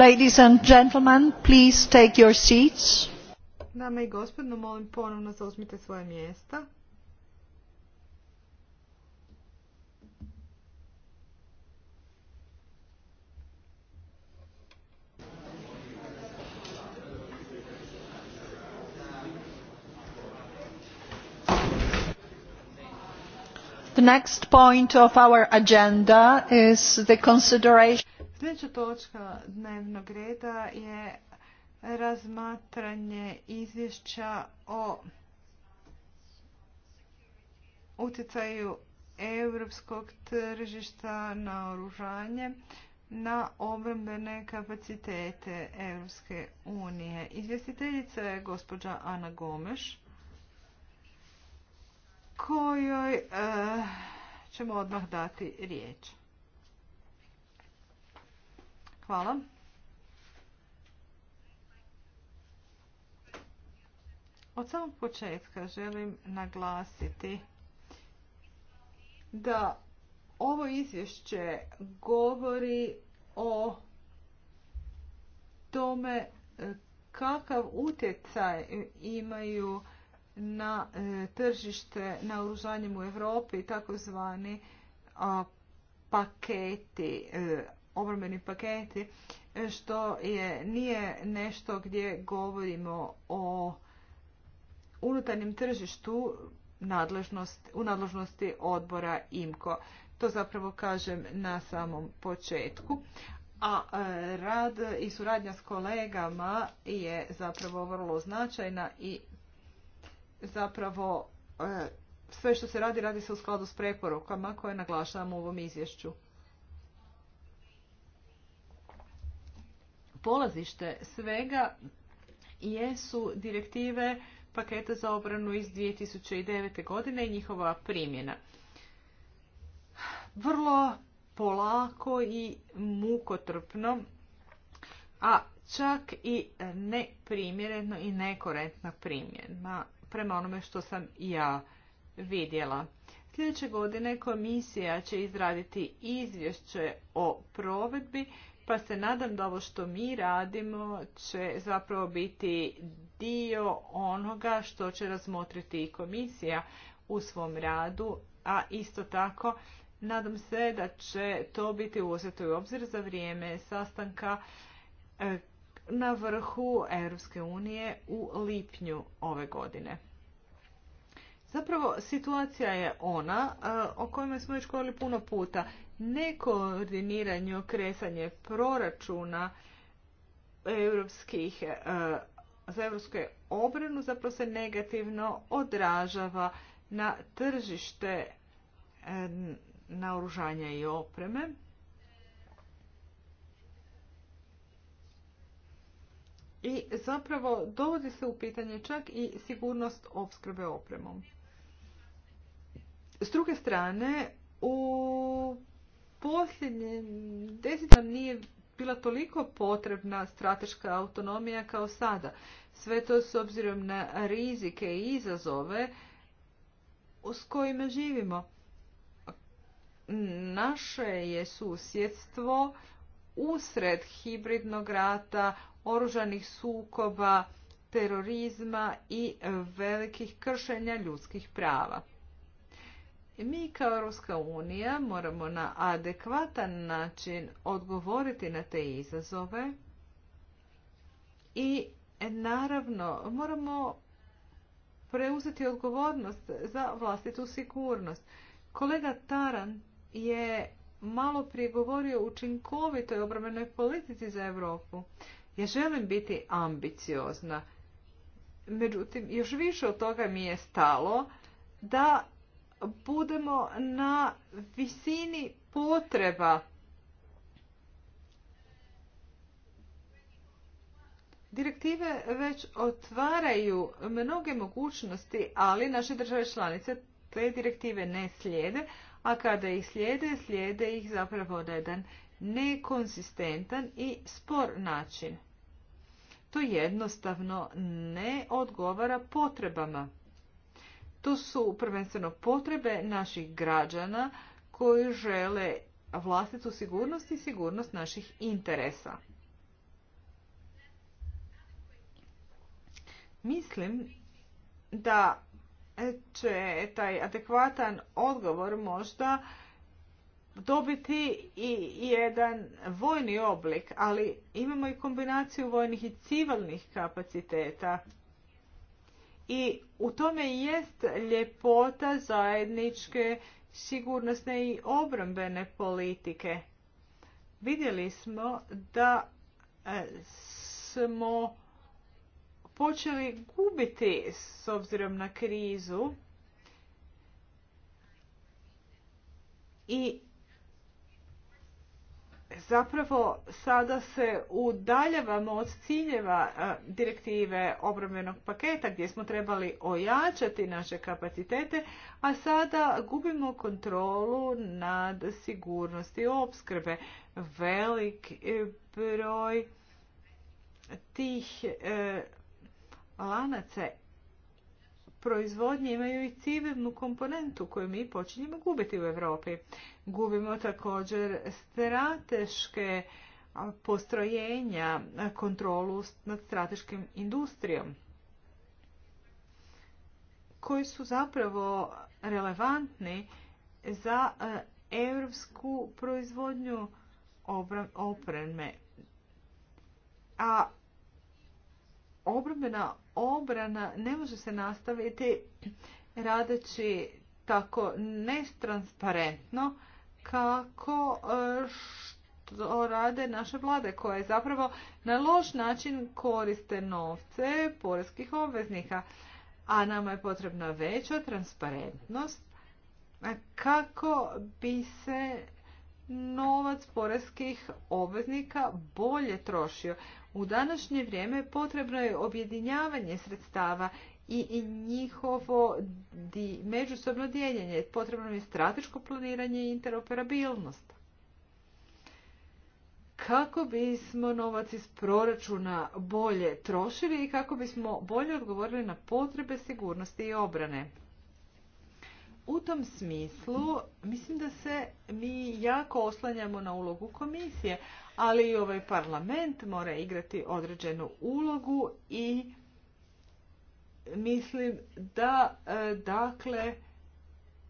Ladies and gentlemen, please take your seats. Dame i gospodno, molim ponovno zauzmite svoje mjesta. The next point of our agenda is the consideration Sljedeća točka dnevnog reda je razmatranje izvješća o utjecaju europskog tržišta na oružanje na obrambene kapacitete Europske unije. Izvjestiteljica je gospođa Ana Gomeš, kojoj eh, ćemo odmah dati riječ. Hvala. Od samog početka želim naglasiti da ovo izvješće govori o tome e, kakav utjecaj imaju na e, tržište naoružanjem u Europi takozvani paketi e, obrambeni paketi, što je, nije nešto gdje govorimo o unutarnjem tržištu nadležnost, u nadležnosti odbora IMKO. To zapravo kažem na samom početku. A e, rad i suradnja s kolegama je zapravo vrlo značajna i zapravo e, sve što se radi, radi se u skladu s preporukama koje naglašavamo u ovom izvješću. polazište svega jesu direktive paketa za obranu iz 2009. godine i njihova primjena. Vrlo polako i mukotrpno, a čak i neprimjereno i nekorentna primjena prema onome što sam ja vidjela. Sljedeće godine komisija će izraditi izvješće o provedbi pa se nadam da ovo što mi radimo će zapravo biti dio onoga što će razmotriti i komisija u svom radu, a isto tako nadam se da će to biti uzeto u obzir za vrijeme sastanka e, na vrhu Europske unije u lipnju ove godine. Zapravo situacija je ona e, o kojoj smo već govorili puno puta nekoordiniranje, okresanje proračuna europskih e, za europsku obranu zapravo se negativno odražava na tržište e, naoružanja i opreme. I zapravo dovodi se u pitanje čak i sigurnost opskrbe opremom. S druge strane, u posljednje desetljeće nije bila toliko potrebna strateška autonomija kao sada. Sve to s obzirom na rizike i izazove s kojima živimo. Naše je susjedstvo usred hibridnog rata, oružanih sukoba, terorizma i velikih kršenja ljudskih prava. Mi kao Ruska unija moramo na adekvatan način odgovoriti na te izazove i naravno moramo preuzeti odgovornost za vlastitu sigurnost. Kolega Taran je malo prije govorio o učinkovitoj obrambenoj politici za Europu. Ja želim biti ambiciozna. Međutim, još više od toga mi je stalo da budemo na visini potreba. Direktive već otvaraju mnoge mogućnosti, ali naše države članice te direktive ne slijede, a kada ih slijede, slijede ih zapravo na jedan nekonsistentan i spor način. To jednostavno ne odgovara potrebama. To su prvenstveno potrebe naših građana koji žele vlastitu sigurnost i sigurnost naših interesa. Mislim da će taj adekvatan odgovor možda dobiti i jedan vojni oblik, ali imamo i kombinaciju vojnih i civilnih kapaciteta. I u tome jest ljepota zajedničke sigurnosne i obrambene politike. Vidjeli smo da e, smo počeli gubiti s obzirom na krizu i zapravo sada se udaljavamo od ciljeva direktive obrambenog paketa gdje smo trebali ojačati naše kapacitete, a sada gubimo kontrolu nad sigurnosti opskrbe. Velik e, broj tih e, lanaca proizvodnje imaju i civilnu komponentu koju mi počinjemo gubiti u Europi. Gubimo također strateške postrojenja, kontrolu nad strateškim industrijom koji su zapravo relevantni za europsku proizvodnju opreme. A obrambena obrana ne može se nastaviti radeći tako nestransparentno kako e, što rade naše vlade koje zapravo na loš način koriste novce poreskih obveznika. A nama je potrebna veća transparentnost e, kako bi se novac poreskih obveznika bolje trošio. U današnje vrijeme potrebno je objedinjavanje sredstava i njihovo di, međusobno dijeljenje. Potrebno je strateško planiranje i interoperabilnost. Kako bismo novac iz proračuna bolje trošili i kako bismo bolje odgovorili na potrebe sigurnosti i obrane. U tom smislu mislim da se mi jako oslanjamo na ulogu komisije, ali i ovaj parlament mora igrati određenu ulogu i mislim da e, dakle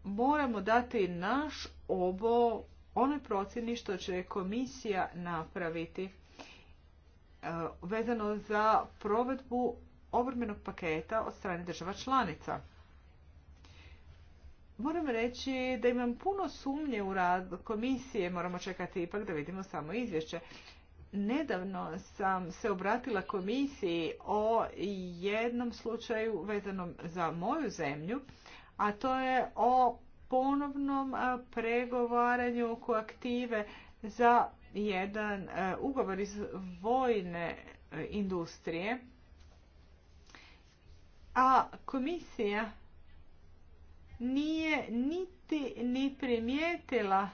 moramo dati naš obo onoj procjeni što će komisija napraviti e, vezano za provedbu obrmenog paketa od strane država članica. Moram reći da imam puno sumnje u rad komisije, moramo čekati ipak da vidimo samo izvješće. Nedavno sam se obratila komisiji o jednom slučaju vezanom za moju zemlju, a to je o ponovnom pregovaranju oko aktive za jedan e, ugovor iz vojne e, industrije. A komisija nije niti ni primijetila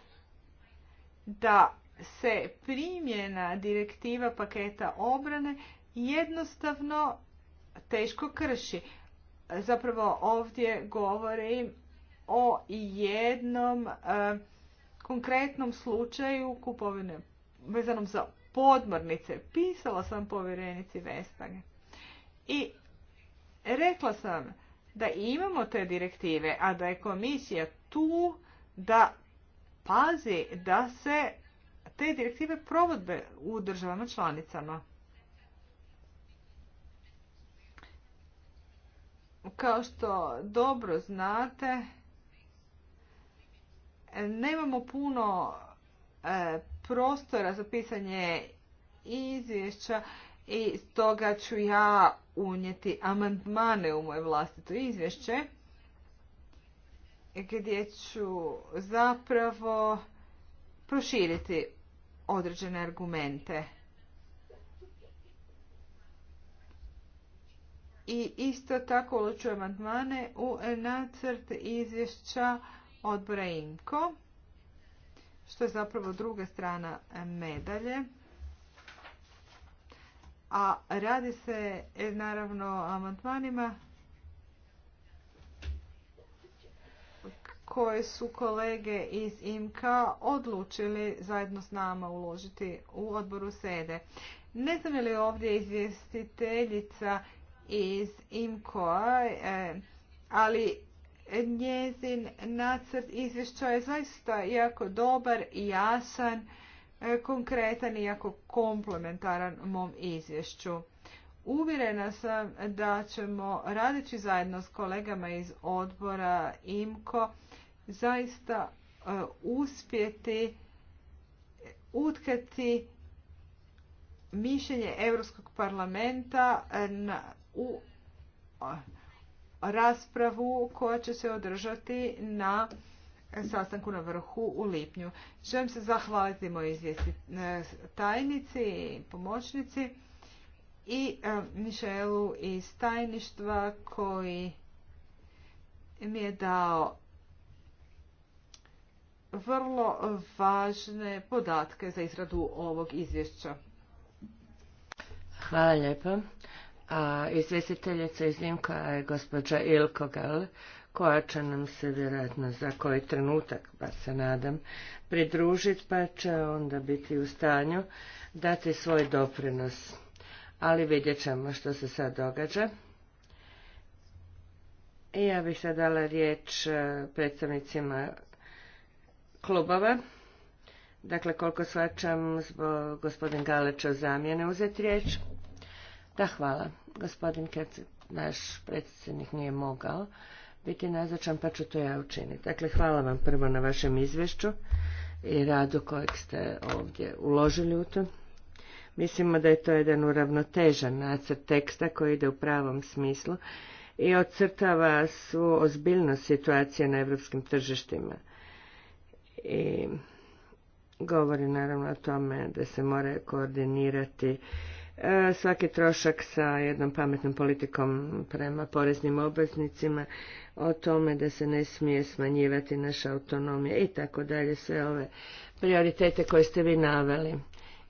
da se primjena direktiva paketa obrane jednostavno teško krši. Zapravo ovdje govorim o jednom e, konkretnom slučaju kupovine vezanom za podmornice. Pisala sam povjerenici Vestage. I rekla sam da imamo te direktive, a da je komisija tu da pazi da se te direktive provodbe u državama članicama. Kao što dobro znate, nemamo puno e, prostora za pisanje izvješća i stoga ću ja unijeti amandmane u moje vlastito izvješće gdje ću zapravo proširiti određene argumente. I isto tako uločuju amandmane u nacrt izvješća odbora INCO što je zapravo druga strana medalje. A radi se naravno o amandmanima koje su kolege iz IMKA odlučili zajedno s nama uložiti u odboru sede. Ne znam je li ovdje izvjestiteljica iz imko e, ali njezin nacrt izvješća je zaista jako dobar, i jasan, e, konkretan i jako komplementaran mom izvješću. Uvjerena sam da ćemo radići zajedno s kolegama iz odbora IMKO zaista e, uspjeti utkati mišljenje Europskog parlamenta u raspravu koja će se održati na sastanku na vrhu u lipnju. Želim se zahvaliti mojoj e, tajnici i pomoćnici i e, Mišelu iz tajništva koji mi je dao vrlo važne podatke za izradu ovog izvješća. Hvala lijepo. A izvjestiteljica iznimka je gospođa Ilko Gal, koja će nam se vjerojatno za koji trenutak, bar se nadam, pridružiti, pa će onda biti u stanju dati svoj doprinos. Ali vidjet ćemo što se sad događa. I ja bih sad dala riječ eh, predstavnicima klubova. Dakle, koliko svačam, gospodin Galeć zamjene uzeti riječ. Da, hvala. Gospodin kad naš predsjednik, nije mogao biti nazočan, pa ću to ja učiniti. Dakle, hvala vam prvo na vašem izvješću i radu kojeg ste ovdje uložili u to. Mislimo da je to jedan uravnotežan nacrt teksta koji ide u pravom smislu i odcrtava svu ozbiljnost situacije na europskim tržištima i govori naravno o tome da se mora koordinirati e, svaki trošak sa jednom pametnom politikom prema poreznim obveznicima, o tome da se ne smije smanjivati naša autonomija i tako dalje, sve ove prioritete koje ste vi naveli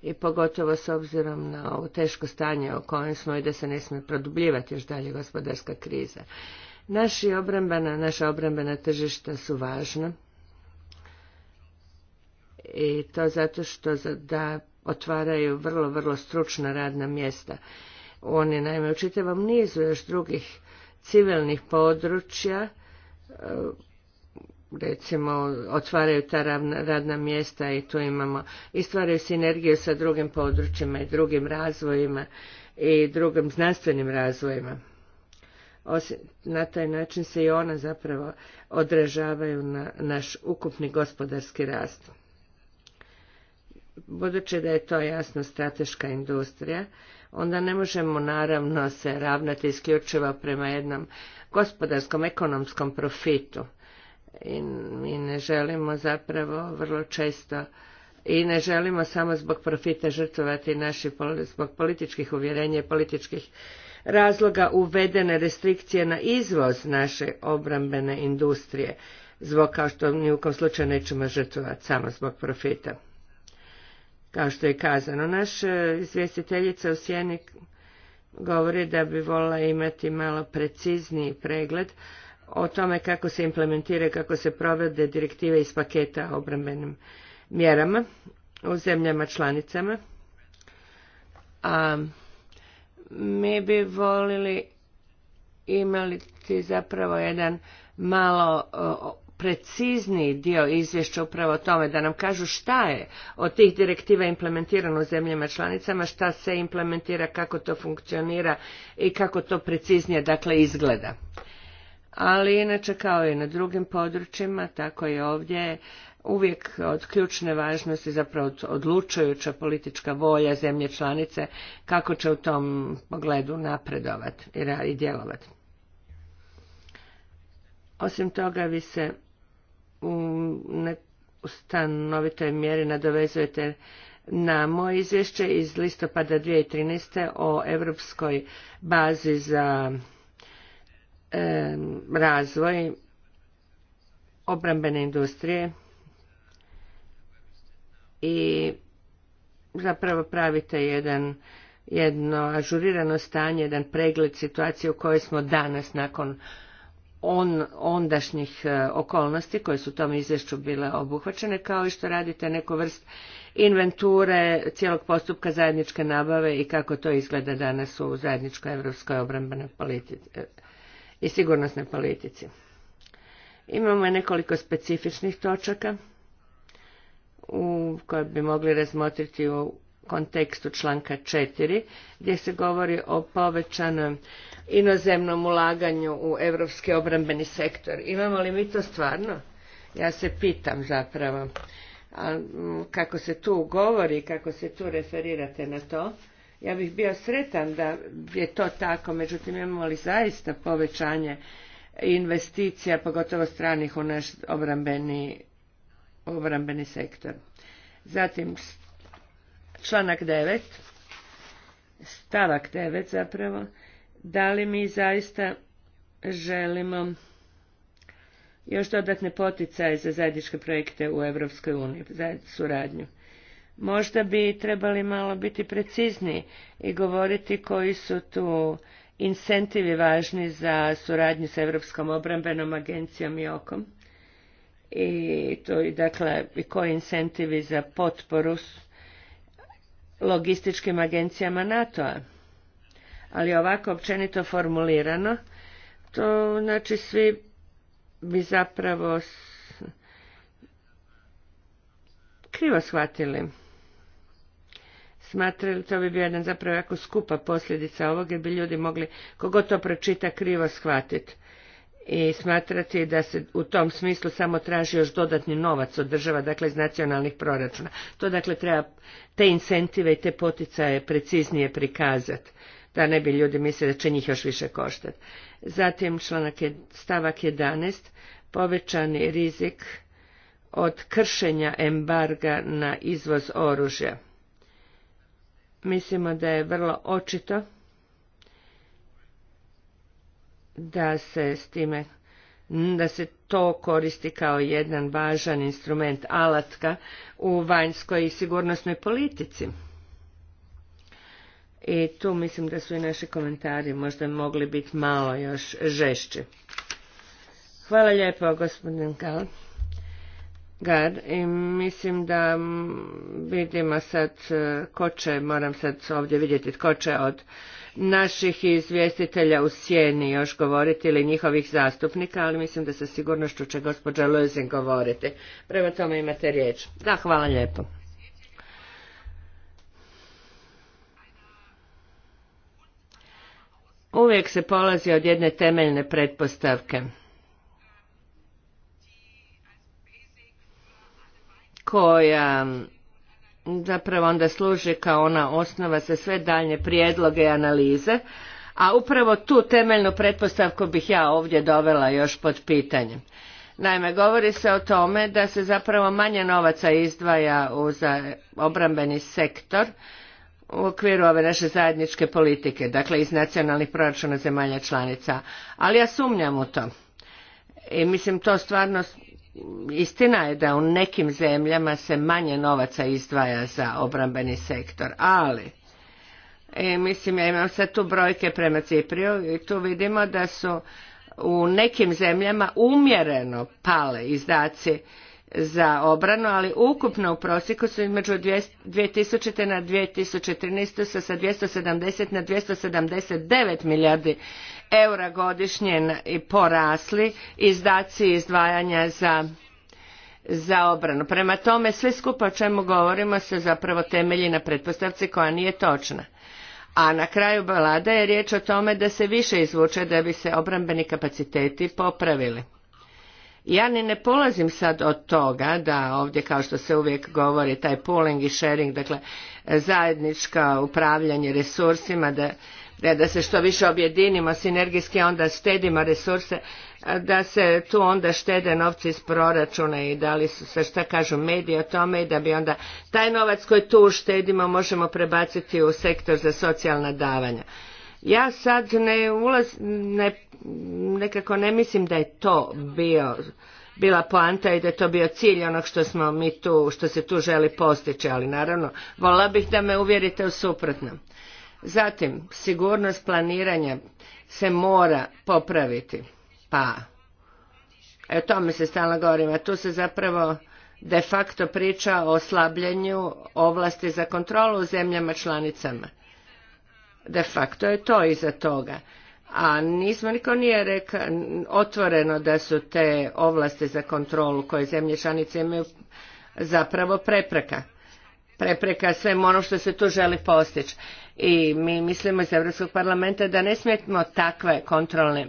i pogotovo s obzirom na ovo teško stanje o kojem smo i da se ne smije produbljivati još dalje gospodarska kriza. Naši obrambena, naša obrambena tržišta su važna i to zato što da otvaraju vrlo, vrlo stručna radna mjesta. On je naime u čitavom nizu još drugih civilnih područja, e, recimo otvaraju ta radna mjesta i tu imamo i stvaraju sinergiju sa drugim područjima i drugim razvojima i drugim znanstvenim razvojima. Osim, na taj način se i ona zapravo odražavaju na naš ukupni gospodarski rast budući da je to jasno strateška industrija, onda ne možemo naravno se ravnati isključivo prema jednom gospodarskom, ekonomskom profitu. I mi ne želimo zapravo vrlo često i ne želimo samo zbog profita žrtvovati naši zbog političkih uvjerenja i političkih razloga uvedene restrikcije na izvoz naše obrambene industrije zbog kao što ni u kom slučaju nećemo žrtvovati samo zbog profita kao što je kazano. Naš e, izvjestiteljica u Sjeni govori da bi volila imati malo precizniji pregled o tome kako se implementira, kako se provode direktive iz paketa obrambenim mjerama u zemljama članicama. A mi bi volili imali zapravo jedan malo precizniji dio izvješća upravo o tome da nam kažu šta je od tih direktiva implementirano u zemljama članicama, šta se implementira, kako to funkcionira i kako to preciznije dakle izgleda. Ali inače kao i na drugim područjima, tako i ovdje uvijek od ključne važnosti zapravo odlučujuća politička volja zemlje članice kako će u tom pogledu napredovati i djelovati. Osim toga vi se u stanovitoj mjeri nadovezujete na moje izvješće iz listopada 2013. o Europskoj bazi za razvoj obrambene industrije i zapravo pravite jedan jedno ažurirano stanje, jedan pregled situacije u kojoj smo danas nakon on, ondašnjih e, okolnosti koje su u tom izvješću bile obuhvaćene, kao i što radite neku vrst inventure cijelog postupka zajedničke nabave i kako to izgleda danas u zajedničkoj evropskoj obrambenoj politici e, i sigurnosnoj politici. Imamo nekoliko specifičnih točaka u koje bi mogli razmotriti u kontekstu članka 4 gdje se govori o povećanom inozemnom ulaganju u europski obrambeni sektor. Imamo li mi to stvarno? Ja se pitam zapravo. A, kako se tu govori, kako se tu referirate na to, ja bih bio sretan da je to tako, međutim imamo li zaista povećanje investicija, pogotovo stranih u naš obrambeni, obrambeni sektor. Zatim, članak 9, stavak 9 zapravo, da li mi zaista želimo još dodatne poticaje za zajedničke projekte u Europskoj uniji, za suradnju. Možda bi trebali malo biti precizniji i govoriti koji su tu incentivi važni za suradnju sa Europskom obrambenom agencijom i okom. I to dakle, i koji incentivi za potporu logističkim agencijama NATO-a. Ali ovako općenito formulirano, to znači svi bi zapravo krivo shvatili. Smatrali, to bi bio jedan zapravo jako skupa posljedica ovog, jer bi ljudi mogli, kogo to pročita, krivo shvatiti i smatrati da se u tom smislu samo traži još dodatni novac od država, dakle iz nacionalnih proračuna. To dakle treba te incentive i te poticaje preciznije prikazati, da ne bi ljudi mislili da će njih još više koštati. Zatim članak je, stavak 11. Povećani rizik od kršenja embarga na izvoz oružja. Mislimo da je vrlo očito da se s time da se to koristi kao jedan važan instrument alatka u vanjskoj i sigurnosnoj politici. I tu mislim da su i naši komentari možda mogli biti malo još žešći. Hvala lijepo, gospodin Gal. i mislim da vidimo sad e, ko će, moram sad ovdje vidjeti tko će od naših izvjestitelja u sjeni još govoriti ili njihovih zastupnika, ali mislim da sa sigurnošću će gospođa Lözin govoriti. Prema tome imate riječ. Da, hvala lijepo. Uvijek se polazi od jedne temeljne pretpostavke. koja zapravo onda služi kao ona osnova za sve daljnje prijedloge i analize, a upravo tu temeljnu pretpostavku bih ja ovdje dovela još pod pitanjem. Naime, govori se o tome da se zapravo manje novaca izdvaja u za obrambeni sektor u okviru ove naše zajedničke politike, dakle iz nacionalnih proračuna zemalja članica. Ali ja sumnjam u to. I mislim to stvarno Istina je da u nekim zemljama se manje novaca izdvaja za obrambeni sektor, ali e, mislim ja imam sad tu brojke prema Cipriju i tu vidimo da su u nekim zemljama umjereno pale izdaci za obranu, ali ukupno u prosjeku su između 2000. na 2013. sa 270 na 279 milijardi eura godišnje porasli izdaci izdvajanja za za obranu. Prema tome, sve skupa o čemu govorimo se zapravo temelji na pretpostavci koja nije točna. A na kraju balada je riječ o tome da se više izvuče da bi se obrambeni kapaciteti popravili. Ja ni ne polazim sad od toga da ovdje kao što se uvijek govori taj pooling i sharing, dakle zajednička upravljanje resursima, da E, da se što više objedinimo sinergijski, onda štedimo resurse, da se tu onda štede novci iz proračuna i da li su se šta kažu mediji o tome i da bi onda taj novac koji tu štedimo možemo prebaciti u sektor za socijalna davanja. Ja sad ne ulaz, ne, nekako ne mislim da je to bio bila poanta i da je to bio cilj onog što smo mi tu, što se tu želi postići, ali naravno, volila bih da me uvjerite u suprotno. Zatim, sigurnost planiranja se mora popraviti. Pa, e, o tome se stalno govorimo. A tu se zapravo de facto priča o slabljenju ovlasti za kontrolu u zemljama članicama. De facto je to iza toga. A nismo niko nije rekao otvoreno da su te ovlasti za kontrolu koje zemlje članice imaju zapravo prepreka. Prepreka sve ono što se tu želi postići i mi mislimo iz Europskog parlamenta da ne smijemo takve kontrolne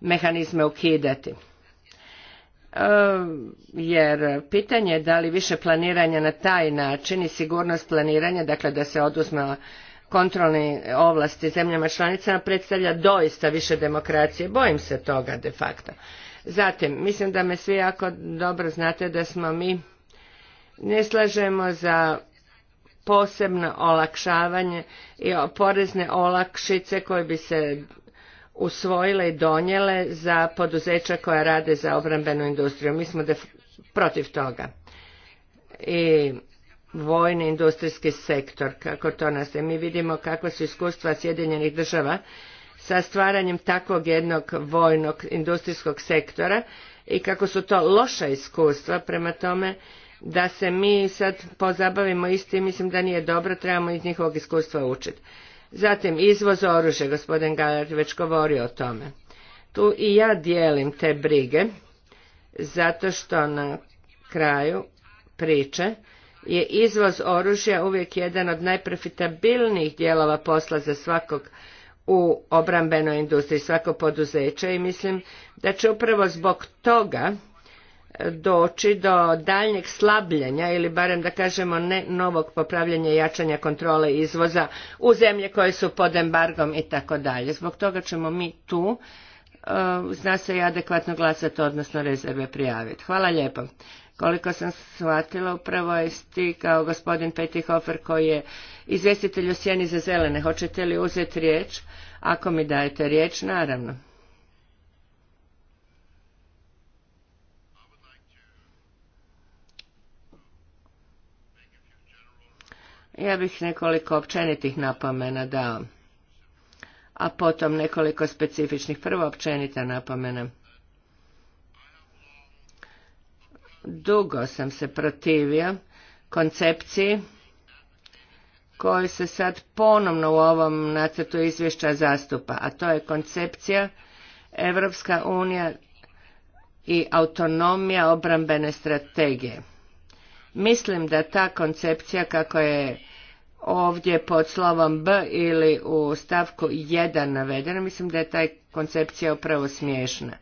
mehanizme ukidati. E, jer pitanje je da li više planiranja na taj način i sigurnost planiranja, dakle da se oduzme kontrolne ovlasti zemljama članicama predstavlja doista više demokracije. Bojim se toga de facto. Zatim, mislim da me svi jako dobro znate da smo mi ne slažemo za posebno olakšavanje i porezne olakšice koje bi se usvojile i donijele za poduzeća koja rade za obrambenu industriju. Mi smo protiv toga. I vojni industrijski sektor, kako to nastaje. Mi vidimo kakva su iskustva Sjedinjenih država sa stvaranjem takvog jednog vojnog industrijskog sektora i kako su to loša iskustva, prema tome da se mi sad pozabavimo isti mislim da nije dobro, trebamo iz njihovog iskustva učiti. Zatim, izvoz oružja, gospodin je već govorio o tome. Tu i ja dijelim te brige, zato što na kraju priče je izvoz oružja uvijek jedan od najprofitabilnijih dijelova posla za svakog u obrambenoj industriji, svako poduzeće i mislim da će upravo zbog toga doći do daljnjeg slabljenja ili barem da kažemo ne novog popravljanja i jačanja kontrole izvoza u zemlje koje su pod embargom i tako dalje. Zbog toga ćemo mi tu e, zna se i adekvatno glasati, odnosno rezerve prijaviti. Hvala lijepo. Koliko sam shvatila, upravo je stikao gospodin Petihofer koji je izvjestitelj u sjeni za zelene. Hoćete li uzeti riječ? Ako mi dajete riječ, naravno. Ja bih nekoliko općenitih napomena dao, a potom nekoliko specifičnih. Prvo općenita napomena. Dugo sam se protivio koncepciji koju se sad ponovno u ovom nacrtu izvješća zastupa, a to je koncepcija Evropska unija i autonomija obrambene strategije. Mislim da ta koncepcija kako je ovdje pod slovom B ili u stavku 1 navedeno, mislim da je taj koncepcija upravo smiješna.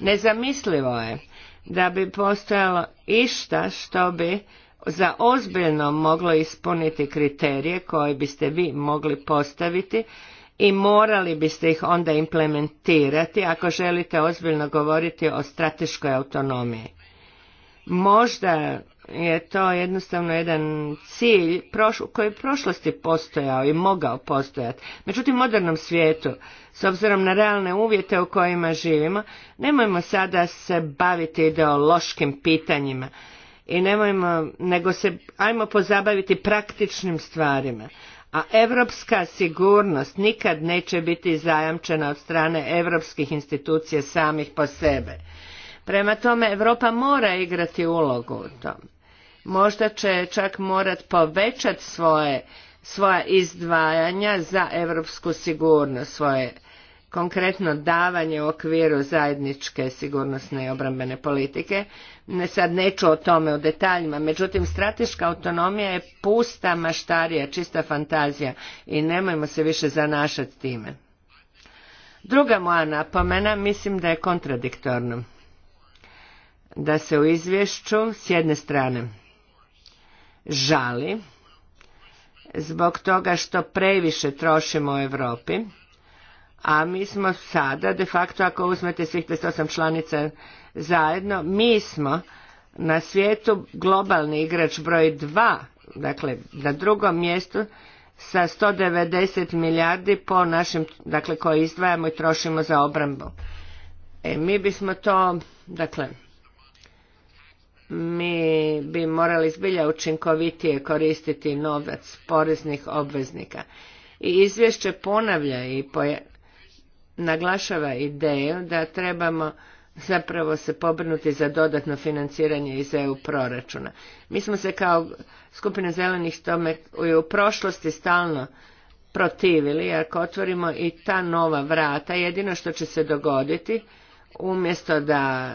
Nezamislivo je da bi postojalo išta što bi za ozbiljno moglo ispuniti kriterije koje biste vi mogli postaviti i morali biste ih onda implementirati ako želite ozbiljno govoriti o strateškoj autonomiji. Možda je to jednostavno jedan cilj koji je u prošlosti postojao i mogao postojati. Međutim, modernom svijetu, s obzirom na realne uvjete u kojima živimo, nemojmo sada se baviti ideološkim pitanjima i nemojmo, nego se ajmo pozabaviti praktičnim stvarima. A europska sigurnost nikad neće biti zajamčena od strane europskih institucija samih po sebe. Prema tome, Europa mora igrati ulogu u tom možda će čak morat povećati svoje svoja izdvajanja za europsku sigurnost, svoje konkretno davanje u okviru zajedničke sigurnosne i obrambene politike. Ne, sad neću o tome u detaljima, međutim strateška autonomija je pusta maštarija, čista fantazija i nemojmo se više zanašati time. Druga moja napomena mislim da je kontradiktorno. Da se u izvješću s jedne strane žali zbog toga što previše trošimo u Europi, a mi smo sada, de facto ako uzmete svih 28 članica zajedno, mi smo na svijetu globalni igrač broj 2, dakle na drugom mjestu sa 190 milijardi po našim, dakle koje izdvajamo i trošimo za obrambu. E, mi bismo to, dakle, mi bi morali zbilja učinkovitije koristiti novac poreznih obveznika. I izvješće ponavlja i naglašava ideju da trebamo zapravo se pobrnuti za dodatno financiranje iz EU proračuna. Mi smo se kao skupina zelenih tome u prošlosti stalno protivili, jer ako otvorimo i ta nova vrata, jedino što će se dogoditi, umjesto da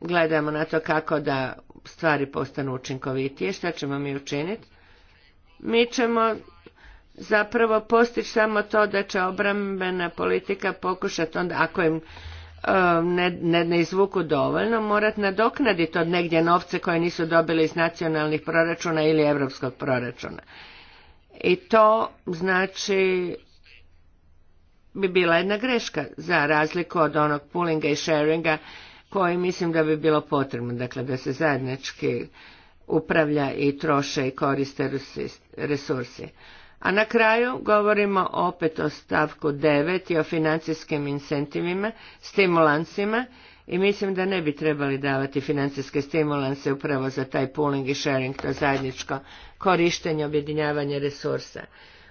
gledamo na to kako da stvari postanu učinkovitije, šta ćemo mi učiniti? Mi ćemo zapravo postići samo to da će obrambena politika pokušati onda, ako im um, ne, izvuku dovoljno, morat nadoknaditi od negdje novce koje nisu dobili iz nacionalnih proračuna ili europskog proračuna. I to znači bi bila jedna greška za razliku od onog poolinga i sharinga koji mislim da bi bilo potrebno, dakle da se zajednički upravlja i troše i koriste resursi. A na kraju govorimo opet o stavku 9 i o financijskim incentivima, stimulancima i mislim da ne bi trebali davati financijske stimulanse upravo za taj pooling i sharing, to zajedničko korištenje, objedinjavanje resursa.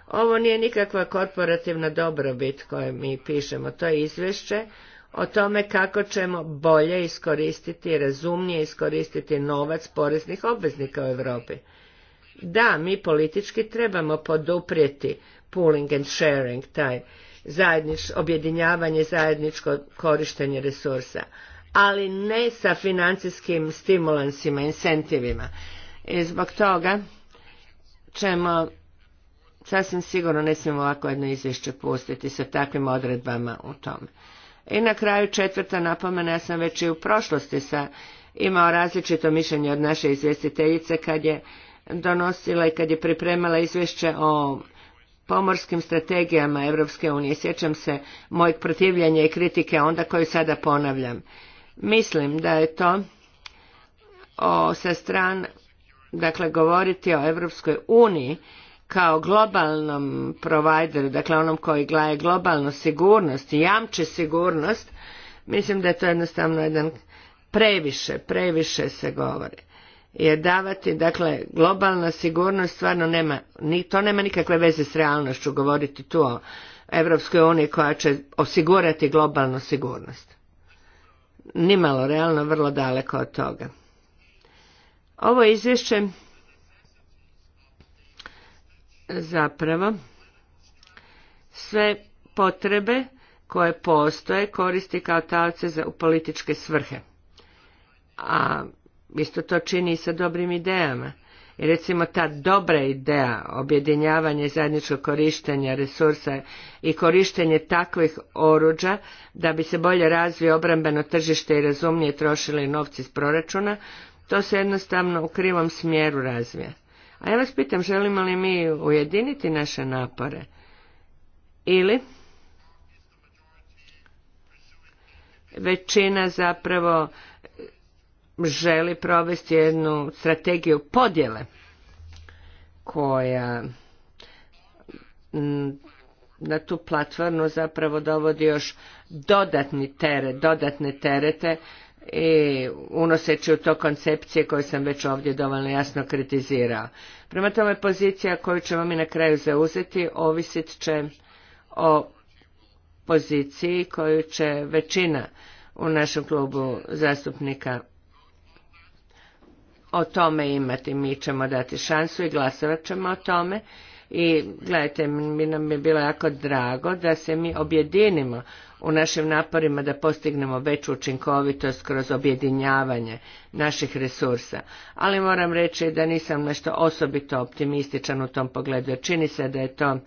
Ovo nije nikakva korporativna dobrobit koju mi pišemo, to je izvješće o tome kako ćemo bolje iskoristiti, razumnije iskoristiti novac poreznih obveznika u Europi. Da, mi politički trebamo poduprijeti pooling and sharing, taj zajednič, objedinjavanje, zajedničko korištenje resursa, ali ne sa financijskim stimulansima, incentivima. I zbog toga ćemo sasvim sigurno ne smijemo ovako jedno izvješće pustiti sa takvim odredbama u tome. I na kraju četvrta napomena, ja sam već i u prošlosti sa, imao različito mišljenje od naše izvjestiteljice kad je donosila i kad je pripremala izvješće o pomorskim strategijama Evropske unije. Sjećam se mojeg protivljanja i kritike onda koju sada ponavljam. Mislim da je to o, sa stran, dakle govoriti o Evropskoj uniji kao globalnom provideru, dakle onom koji glaje globalnu sigurnost i jamče sigurnost, mislim da je to jednostavno jedan previše, previše se govori. je davati, dakle, globalna sigurnost stvarno nema, ni, to nema nikakve veze s realnošću govoriti tu o Evropskoj uniji koja će osigurati globalnu sigurnost. Nimalo, realno, vrlo daleko od toga. Ovo izvješće zapravo sve potrebe koje postoje koristi kao talce za, u političke svrhe. A isto to čini i sa dobrim idejama. I recimo ta dobra ideja objedinjavanje zajedničkog korištenja resursa i korištenje takvih oruđa da bi se bolje razvio obrambeno tržište i razumnije trošili novci iz proračuna, to se jednostavno u krivom smjeru razvija. A ja vas pitam, želimo li mi ujediniti naše napore? Ili većina zapravo želi provesti jednu strategiju podjele koja na tu platformu zapravo dovodi još dodatni teret, dodatne terete i unoseći u to koncepcije koje sam već ovdje dovoljno jasno kritizirao. Prema tome pozicija koju ćemo mi na kraju zauzeti ovisit će o poziciji koju će većina u našem klubu zastupnika o tome imati. Mi ćemo dati šansu i glasovat ćemo o tome i gledajte, mi nam je bilo jako drago da se mi objedinimo u našim naporima da postignemo veću učinkovitost kroz objedinjavanje naših resursa. Ali moram reći da nisam nešto osobito optimističan u tom pogledu. čini se da je to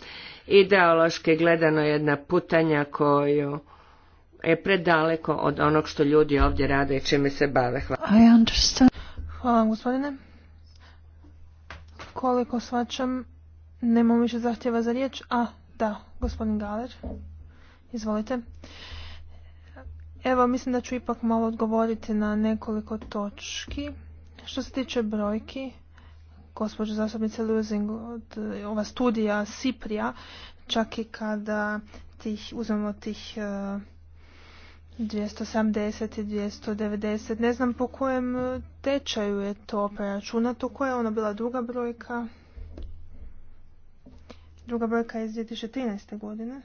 ideološki gledano jedna putanja koju je predaleko od onog što ljudi ovdje rade i čime se bave. Hvala. Hvala gospodine. Koliko svačam, Nemamo više zahtjeva za riječ. A, da, gospodin Galer. Izvolite. Evo, mislim da ću ipak malo odgovoriti na nekoliko točki. Što se tiče brojki, gospođo zastupnice od ova studija Siprija, čak i kada tih, uzmemo tih 270 e, i 290, ne znam po kojem tečaju je to preračunato, koja je ona bila druga brojka, Druga brojka je iz 2013. godine.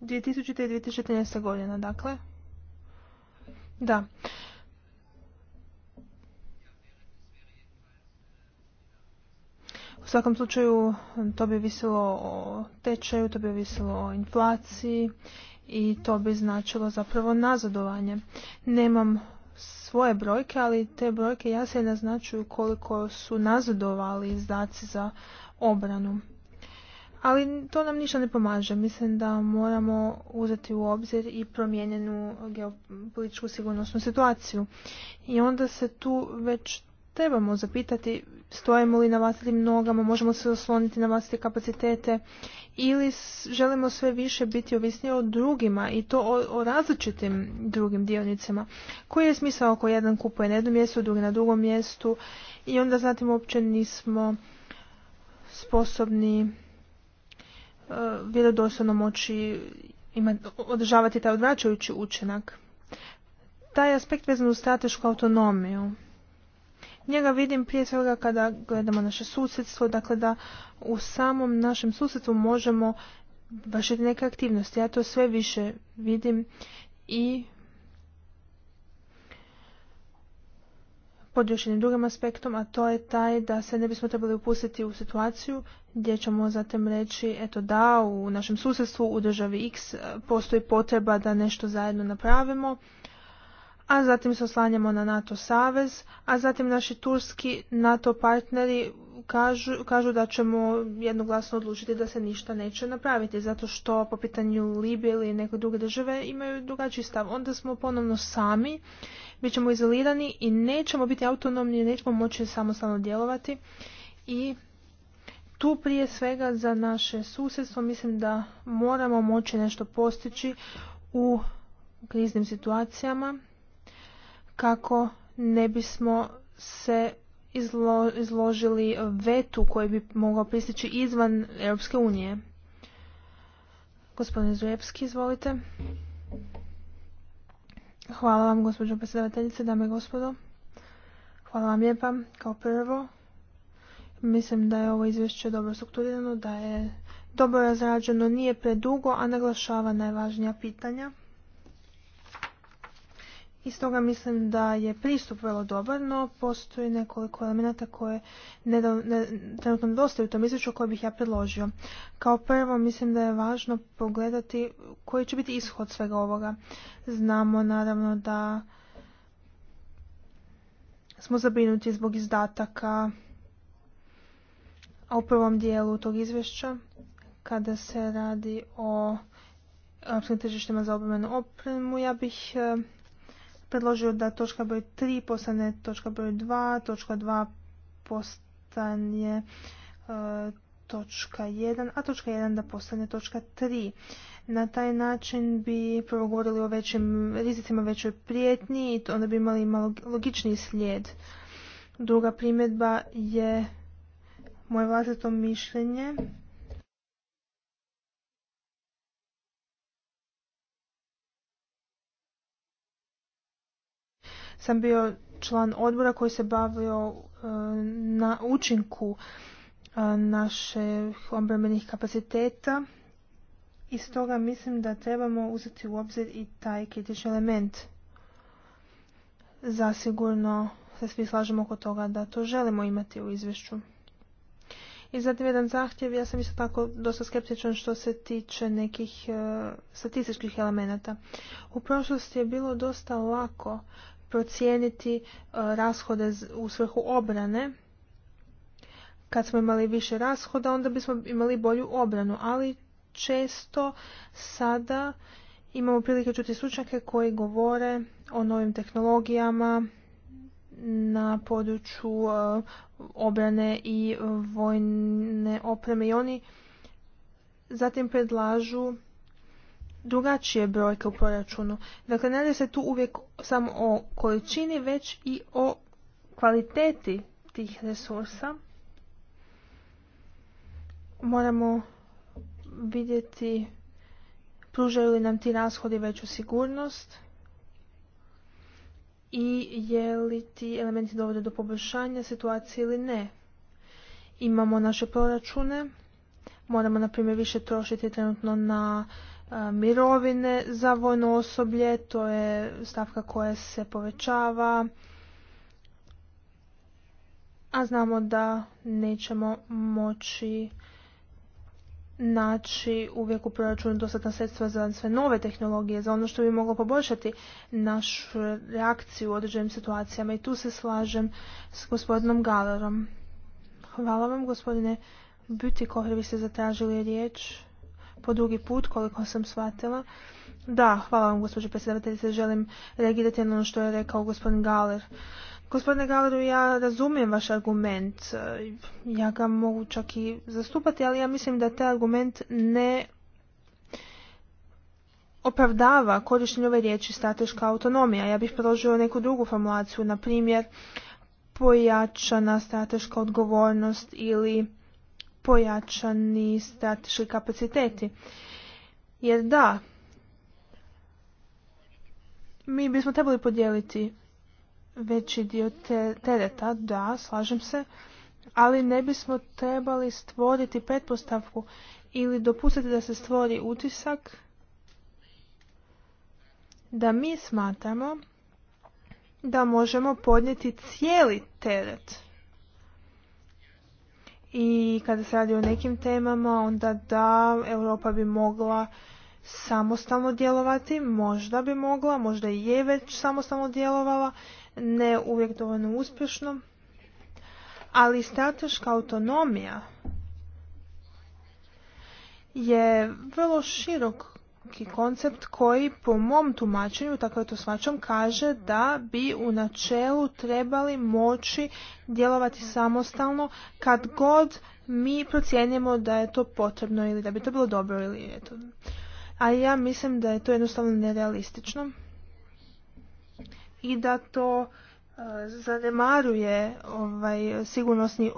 Dvije i 2013. godina, dakle. Da. U svakom slučaju to bi visilo o tečaju, to bi visilo o inflaciji i to bi značilo zapravo nazadovanje. Nemam svoje brojke, ali te brojke jasno naznačuju koliko su nazadovali izdaci za obranu. Ali to nam ništa ne pomaže. Mislim da moramo uzeti u obzir i promijenjenu geopolitičku sigurnosnu situaciju. I onda se tu već trebamo zapitati stojimo li na vlastitim nogama, možemo se osloniti na vlastite kapacitete ili želimo sve više biti ovisni o drugima i to o, različitim drugim dionicama. Koji je smisao ako jedan kupuje na jednom mjestu, drugi na drugom mjestu i onda zatim uopće nismo sposobni uh, vjerodostojno moći održavati taj odvraćajući učinak. Taj aspekt vezan u stratešku autonomiju Njega vidim prije svega kada gledamo naše susjedstvo, dakle da u samom našem susjedstvu možemo vršiti neke aktivnosti. Ja to sve više vidim i pod još jednim drugim aspektom, a to je taj da se ne bismo trebali upustiti u situaciju gdje ćemo zatim reći eto da u našem susjedstvu u državi X postoji potreba da nešto zajedno napravimo a zatim se oslanjamo na NATO savez, a zatim naši turski NATO partneri kažu, kažu da ćemo jednoglasno odlučiti da se ništa neće napraviti, zato što po pitanju Libije ili neke druge države imaju drugačiji stav. Onda smo ponovno sami, bit ćemo izolirani i nećemo biti autonomni, nećemo moći samostalno djelovati i tu prije svega za naše susjedstvo mislim da moramo moći nešto postići u kriznim situacijama kako ne bismo se izložili vetu koji bi mogao pristići izvan Europske unije. Gospodine Zujevski, izvolite. Hvala vam, gospođo predsjedavateljice, dame i gospodo. Hvala vam lijepa. Kao prvo, mislim da je ovo izvješće dobro strukturirano, da je dobro razrađeno, nije predugo, a naglašava najvažnija pitanja. I stoga mislim da je pristup vrlo dobar, no postoji nekoliko elemenata koje trenutno dostaju u tom izvješću koje bih ja predložio. Kao prvo mislim da je važno pogledati koji će biti ishod svega ovoga. Znamo naravno da smo zabrinuti zbog izdataka, a u prvom dijelu tog izvješća kada se radi o europskim tržištima za obremenu opremu, ja bih eh, predložio da točka broj 3 postane točka broj 2, točka 2 postane e, točka 1, a točka 1 da postane točka 3. Na taj način bi prvo govorili o većim rizicima većoj prijetnji i onda bi imali malo logičniji slijed. Druga primjedba je moje vlastito mišljenje sam bio član odbora koji se bavio e, na učinku e, naših obrambenih kapaciteta i stoga mislim da trebamo uzeti u obzir i taj kritični element. Zasigurno se svi slažemo oko toga da to želimo imati u izvješću. I zatim jedan zahtjev, ja sam isto tako dosta skeptičan što se tiče nekih e, statističkih elemenata. U prošlosti je bilo dosta lako procijeniti e, rashode u svrhu obrane. Kad smo imali više rashoda, onda bismo imali bolju obranu, ali često sada imamo prilike čuti stručnjake koji govore o novim tehnologijama na području e, obrane i vojne opreme i oni zatim predlažu drugačije brojke u proračunu. Dakle, ne radi se tu uvijek samo o količini, već i o kvaliteti tih resursa. Moramo vidjeti pružaju li nam ti rashodi veću sigurnost i je li ti elementi dovode do poboljšanja situacije ili ne. Imamo naše proračune, moramo na primjer više trošiti trenutno na mirovine za vojno osoblje, to je stavka koja se povećava, a znamo da nećemo moći naći uvijek u proračunu dostatna sredstva za sve nove tehnologije, za ono što bi moglo poboljšati našu reakciju u određenim situacijama i tu se slažem s gospodinom Galerom. Hvala vam gospodine kohri, vi ste zatražili riječ po drugi put koliko sam shvatila. Da, hvala vam gospođo predsjedateljice, želim reagirati na ono što je rekao gospodin Galer. Gospodine Galeru, ja razumijem vaš argument, ja ga mogu čak i zastupati, ali ja mislim da taj argument ne opravdava korištenje ove riječi strateška autonomija. Ja bih predložio neku drugu formulaciju, na primjer pojačana strateška odgovornost ili pojačani strateški kapaciteti. Jer da, mi bismo trebali podijeliti veći dio tereta, da, slažem se, ali ne bismo trebali stvoriti pretpostavku ili dopustiti da se stvori utisak da mi smatramo da možemo podnijeti cijeli teret i kada se radi o nekim temama onda da Europa bi mogla samostalno djelovati, možda bi mogla, možda i je već samostalno djelovala, ne uvijek dovoljno uspješno, ali strateška autonomija je vrlo širok koncept koji po mom tumačenju, tako je to svačam, kaže da bi u načelu trebali moći djelovati samostalno kad god mi procijenimo da je to potrebno ili da bi to bilo dobro ili eto. A ja mislim da je to jednostavno nerealistično i da to e, zanemaruje ovaj sigurnosni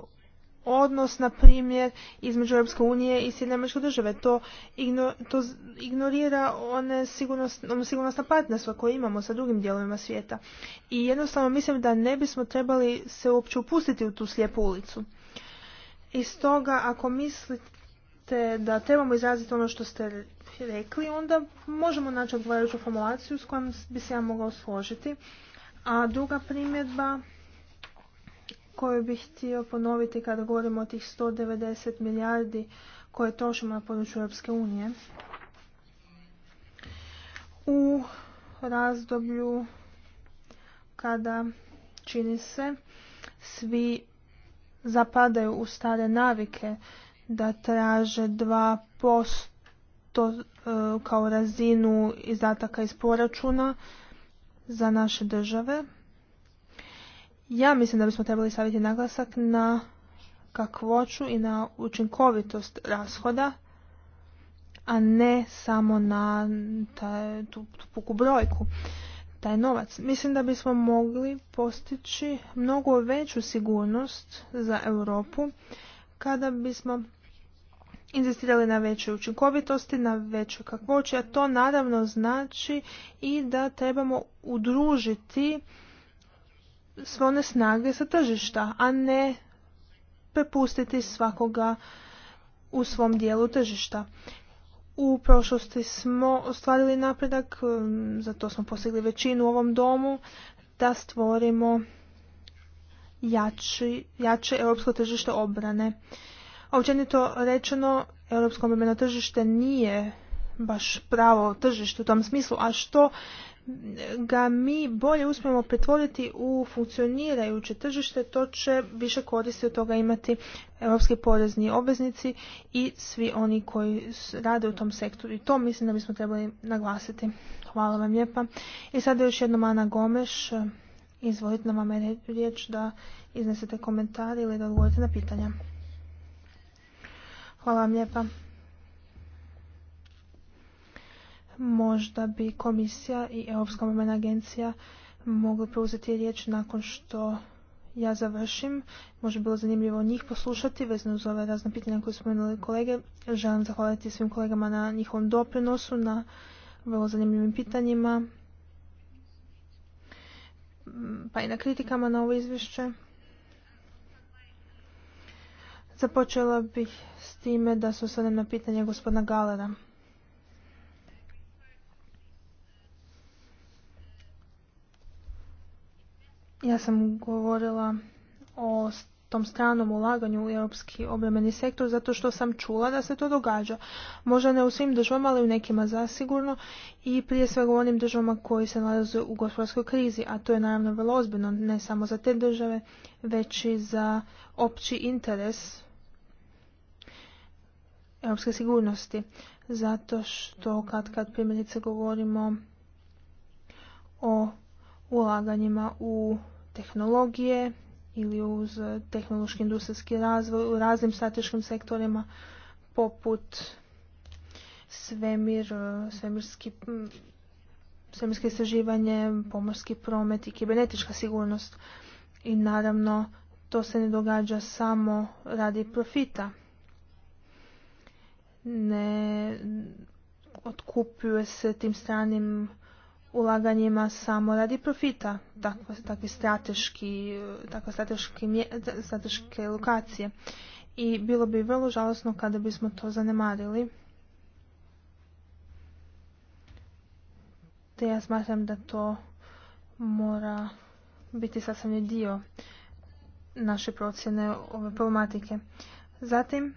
odnos, na primjer, između Europske unije i Sjedinjene američke države. To, igno, to ignorira one sigurnost, ono sigurnosna partnerstva koje imamo sa drugim dijelovima svijeta. I jednostavno mislim da ne bismo trebali se uopće upustiti u tu slijepu ulicu. I stoga, ako mislite da trebamo izraziti ono što ste rekli, onda možemo naći odgovarajuću formulaciju s kojom bi se ja mogao složiti. A druga primjedba koju bih htio ponoviti kada govorimo o tih 190 milijardi koje trošimo na području Europske unije. U razdoblju kada čini se svi zapadaju u stare navike da traže 2% e, kao razinu izdataka iz proračuna za naše države ja mislim da bismo trebali staviti naglasak na kakvoću i na učinkovitost rashoda, a ne samo na tu, tu puku brojku, taj novac. Mislim da bismo mogli postići mnogo veću sigurnost za Europu kada bismo inzistirali na većoj učinkovitosti, na većoj kakvoći, a to naravno znači i da trebamo udružiti svone snage sa tržišta, a ne prepustiti svakoga u svom dijelu tržišta. U prošlosti smo ostvarili napredak, um, zato smo postigli većinu u ovom domu, da stvorimo jači, jače europsko tržište obrane. Općenito rečeno, europsko obrambeno tržište nije baš pravo tržište u tom smislu, a što ga mi bolje uspijemo pretvoriti u funkcionirajuće tržište, to će više koristi od toga imati europski porezni obveznici i svi oni koji rade u tom sektoru. I to mislim da bismo trebali naglasiti. Hvala vam lijepa. I sada još jednom Ana Gomeš. Izvolite nam vam riječ da iznesete komentare ili da odgovorite na pitanja. Hvala vam lijepa. Možda bi komisija i Europska obrambena agencija mogli preuzeti riječ nakon što ja završim. Možda bi bilo zanimljivo njih poslušati vezano uz ove razne pitanja koje smo imali kolege. Želim zahvaliti svim kolegama na njihovom doprinosu, na vrlo zanimljivim pitanjima, pa i na kritikama na ovo izvješće. Započela bih s time da se osvrnem na pitanje gospodina Galera. Ja sam govorila o tom stranom ulaganju u europski obrambeni sektor zato što sam čula da se to događa. Možda ne u svim državama, ali u nekima zasigurno i prije svega u onim državama koji se nalaze u gospodarskoj krizi, a to je naravno vrlo ozbiljno ne samo za te države, već i za opći interes europske sigurnosti. Zato što kad kad primjerice govorimo o ulaganjima u tehnologije ili uz tehnološki industrijski razvoj u raznim strateškim sektorima poput svemir, svemirski svemirske istraživanje, pomorski promet i kibernetička sigurnost. I naravno, to se ne događa samo radi profita. Ne otkupuje se tim stranim ulaganjima samo radi profita, takve, strateški, takve strateške lokacije. I bilo bi vrlo žalosno kada bismo to zanemarili. Te ja smatram da to mora biti sasvim dio naše procjene ove problematike. Zatim,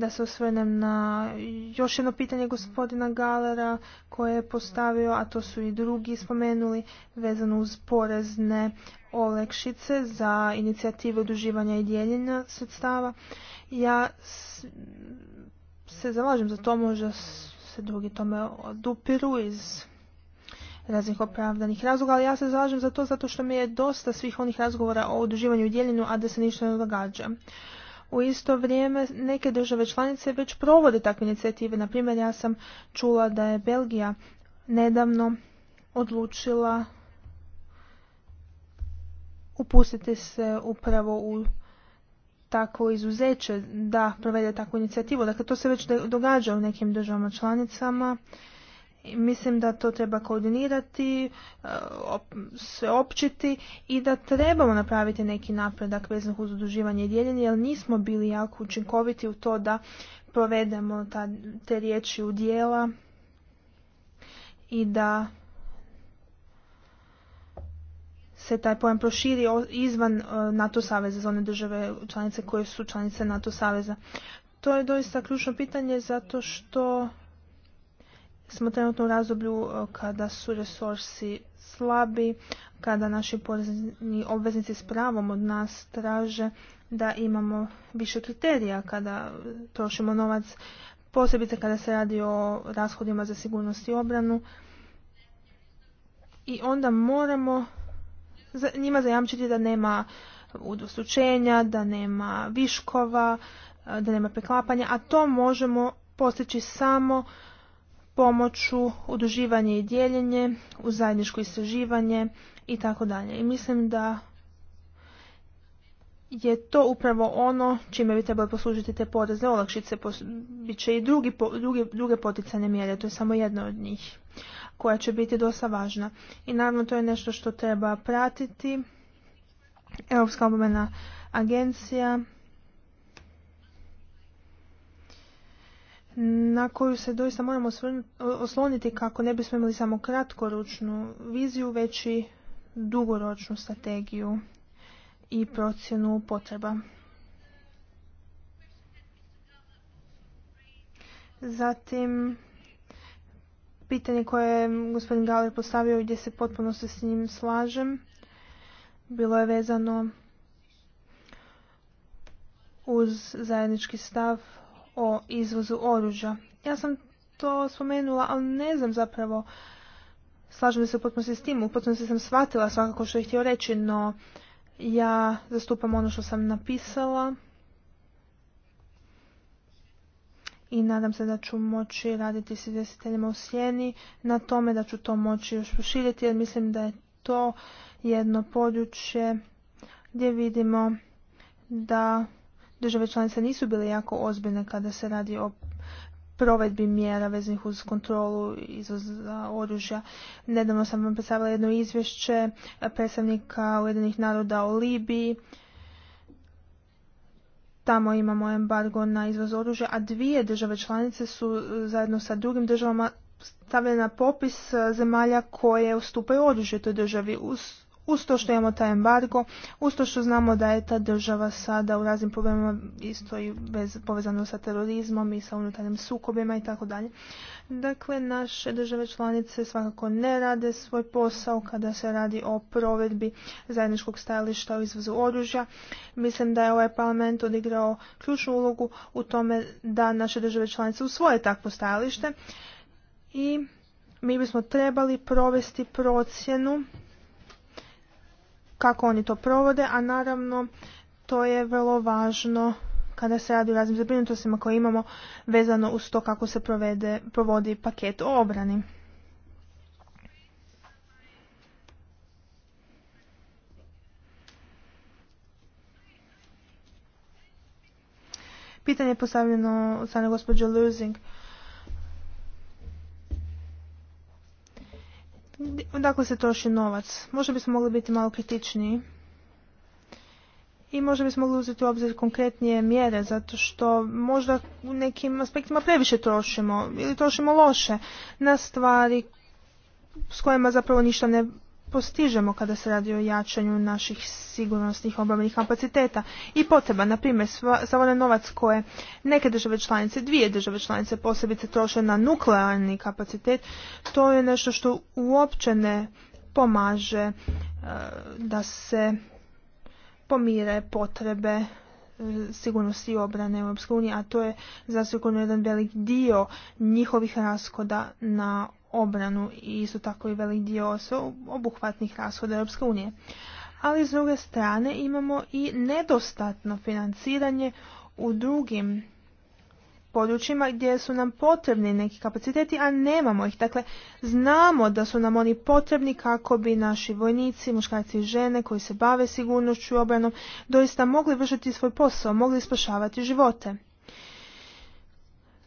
da se osvrnem na još jedno pitanje gospodina Galera koje je postavio, a to su i drugi spomenuli, vezano uz porezne olekšice za inicijativu oduživanja i dijeljenja sredstava. Ja se zalažem za to, možda se drugi tome odupiru iz raznih opravdanih razloga, ali ja se zalažem za to zato što mi je dosta svih onih razgovora o oduživanju i dijeljenju, a da se ništa ne događa u isto vrijeme neke države članice već provode takve inicijative. Na primjer, ja sam čula da je Belgija nedavno odlučila upustiti se upravo u takvo izuzeće da provede takvu inicijativu. Dakle, to se već događa u nekim državama članicama Mislim da to treba koordinirati, e, općiti i da trebamo napraviti neki napredak vezan uz udruživanje i dijeljenje, jer nismo bili jako učinkoviti u to da provedemo te riječi u dijela i da se taj pojam proširi izvan e, NATO saveza za one države članice koje su članice NATO saveza. To je doista ključno pitanje zato što smo trenutno u razdoblju e, kada su resursi slabi, kada naši porezni obveznici s pravom od nas traže da imamo više kriterija kada trošimo novac, posebice kada se radi o rashodima za sigurnost i obranu. I onda moramo njima zajamčiti da nema udostučenja, da nema viškova, e, da nema preklapanja, a to možemo postići samo pomoću udruživanje i dijeljenje, u zajedničko istraživanje i tako dalje. I mislim da je to upravo ono čime bi trebalo poslužiti te porezne olakšice. Bit će i drugi, drugi, druge poticane mjere, to je samo jedna od njih koja će biti dosta važna. I naravno to je nešto što treba pratiti. Europska obomena agencija na koju se doista moramo osloniti kako ne bismo imali samo kratkoručnu viziju, već i dugoročnu strategiju i procjenu potreba. Zatim, pitanje koje je gospodin Galer postavio i gdje se potpuno se s njim slažem, bilo je vezano uz zajednički stav o izvozu oružja. Ja sam to spomenula, ali ne znam zapravo, slažem se u potpunosti s tim, u potpunosti sam shvatila svakako što je htio reći, no ja zastupam ono što sam napisala i nadam se da ću moći raditi s izvjestiteljima u sjeni na tome, da ću to moći još proširiti jer mislim da je to jedno područje gdje vidimo da države članice nisu bile jako ozbiljne kada se radi o provedbi mjera veznih uz kontrolu izvoza oružja. Nedavno sam vam predstavila jedno izvješće predstavnika Ujedinih naroda o Libiji. Tamo imamo embargo na izvoz oružja, a dvije države članice su e, zajedno sa drugim državama stavljene na popis e, zemalja koje ustupaju oružje toj državi. Uz uz to što imamo taj embargo, uz to što znamo da je ta država sada u raznim problemima isto i bez, povezano sa terorizmom i sa unutarnjim sukobima i tako dalje. Dakle, naše države članice svakako ne rade svoj posao kada se radi o provedbi zajedničkog stajališta o izvozu oružja. Mislim da je ovaj parlament odigrao ključnu ulogu u tome da naše države članice usvoje takvo stajalište i mi bismo trebali provesti procjenu kako oni to provode, a naravno to je vrlo važno kada se radi o raznim zabrinutostima koje imamo vezano uz to kako se provede, provodi paket o obrani. Pitanje je postavljeno od strane gospođe Lusing Dakle se troši novac? Možda bismo mogli biti malo kritičniji. I možda bismo mogli uzeti u obzir konkretnije mjere, zato što možda u nekim aspektima previše trošimo ili trošimo loše na stvari s kojima zapravo ništa ne postižemo kada se radi o jačanju naših sigurnosnih obrambenih kapaciteta i potreba, na primjer, onaj novac koje neke države članice, dvije države članice posebice troše na nuklearni kapacitet, to je nešto što uopće ne pomaže e, da se pomire potrebe E, sigurnosti i obrane Europske unije, a to je zasigurno jedan velik dio njihovih raskoda na obranu i isto tako i velik dio obuhvatnih rashoda Europske unije. Ali s druge strane imamo i nedostatno financiranje u drugim područjima gdje su nam potrebni neki kapaciteti, a nemamo ih. Dakle, znamo da su nam oni potrebni kako bi naši vojnici, muškarci i žene koji se bave sigurnošću i obranom doista mogli vršiti svoj posao, mogli spašavati živote.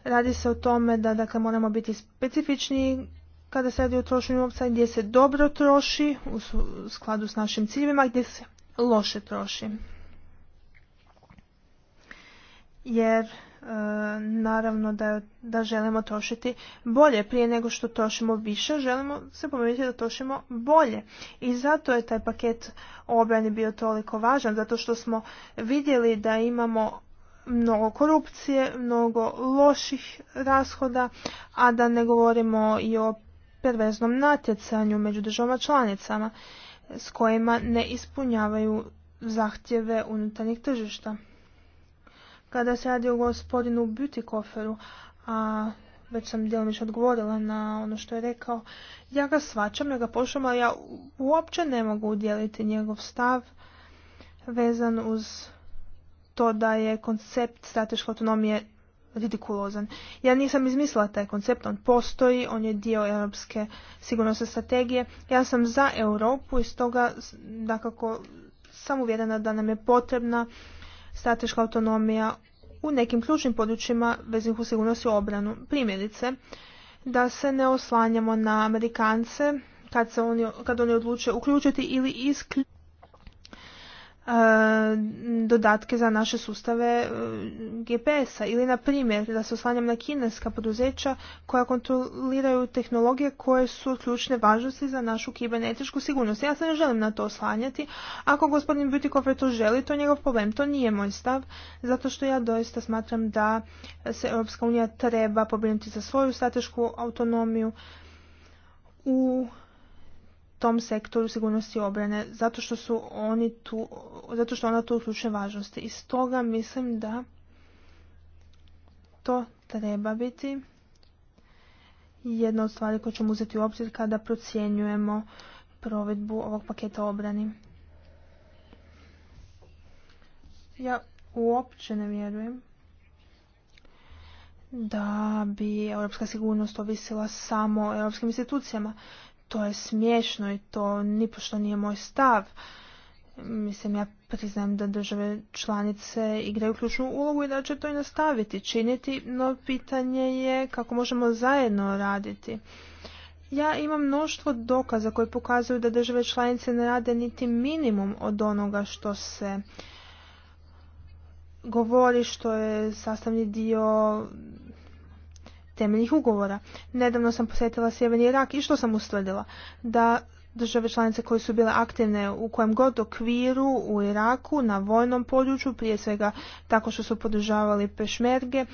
Radi se o tome da dakle, moramo biti specifični kada se radi o trošenju novca gdje se dobro troši u skladu s našim ciljevima, gdje se loše troši. Jer naravno da, da želimo trošiti bolje. Prije nego što trošimo više, želimo se pomijeniti da trošimo bolje. I zato je taj paket obrani bio toliko važan, zato što smo vidjeli da imamo mnogo korupcije, mnogo loših rashoda, a da ne govorimo i o perveznom natjecanju među državama članicama s kojima ne ispunjavaju zahtjeve unutarnjih tržišta. Kada se radi o gospodinu Butikoferu, a već sam djelomično odgovorila na ono što je rekao, ja ga svačam, ja ga pošljam, ali ja uopće ne mogu udjeliti njegov stav vezan uz to da je koncept strateške autonomije ridikulozan. Ja nisam izmislila taj koncept, on postoji, on je dio europske sigurnosne strategije. Ja sam za Europu i stoga dakako sam uvjerena da nam je potrebna strateška autonomija u nekim ključnim područjima vezanih u sigurnost i obranu. Primjerice, da se ne oslanjamo na Amerikance kad, se oni, kad oni odluče uključiti ili isključiti E, dodatke za naše sustave e, GPS-a ili na primjer da se oslanjam na kineska poduzeća koja kontroliraju tehnologije koje su ključne važnosti za našu kibernetičku sigurnost. Ja se ne želim na to oslanjati. Ako gospodin Butikofer to želi, to je njegov problem. To nije moj stav, zato što ja doista smatram da se Europska unija treba pobrinuti za svoju stratešku autonomiju u tom sektoru sigurnosti obrane, zato što su oni tu, zato što ona tu uključuje važnosti. I stoga mislim da to treba biti jedna od stvari koju ćemo uzeti u obzir kada procjenjujemo provedbu ovog paketa obrani. Ja uopće ne vjerujem da bi europska sigurnost ovisila samo europskim institucijama to je smiješno i to nipošto nije moj stav. Mislim, ja priznajem da države članice igraju ključnu ulogu i da će to i nastaviti činiti, no pitanje je kako možemo zajedno raditi. Ja imam mnoštvo dokaza koji pokazuju da države članice ne rade niti minimum od onoga što se govori, što je sastavni dio temeljnih ugovora. Nedavno sam posjetila Sjeverni Irak i što sam ustvrdila? Da države članice koje su bile aktivne u kojem god okviru u Iraku na vojnom području, prije svega tako što su podržavali pešmerge,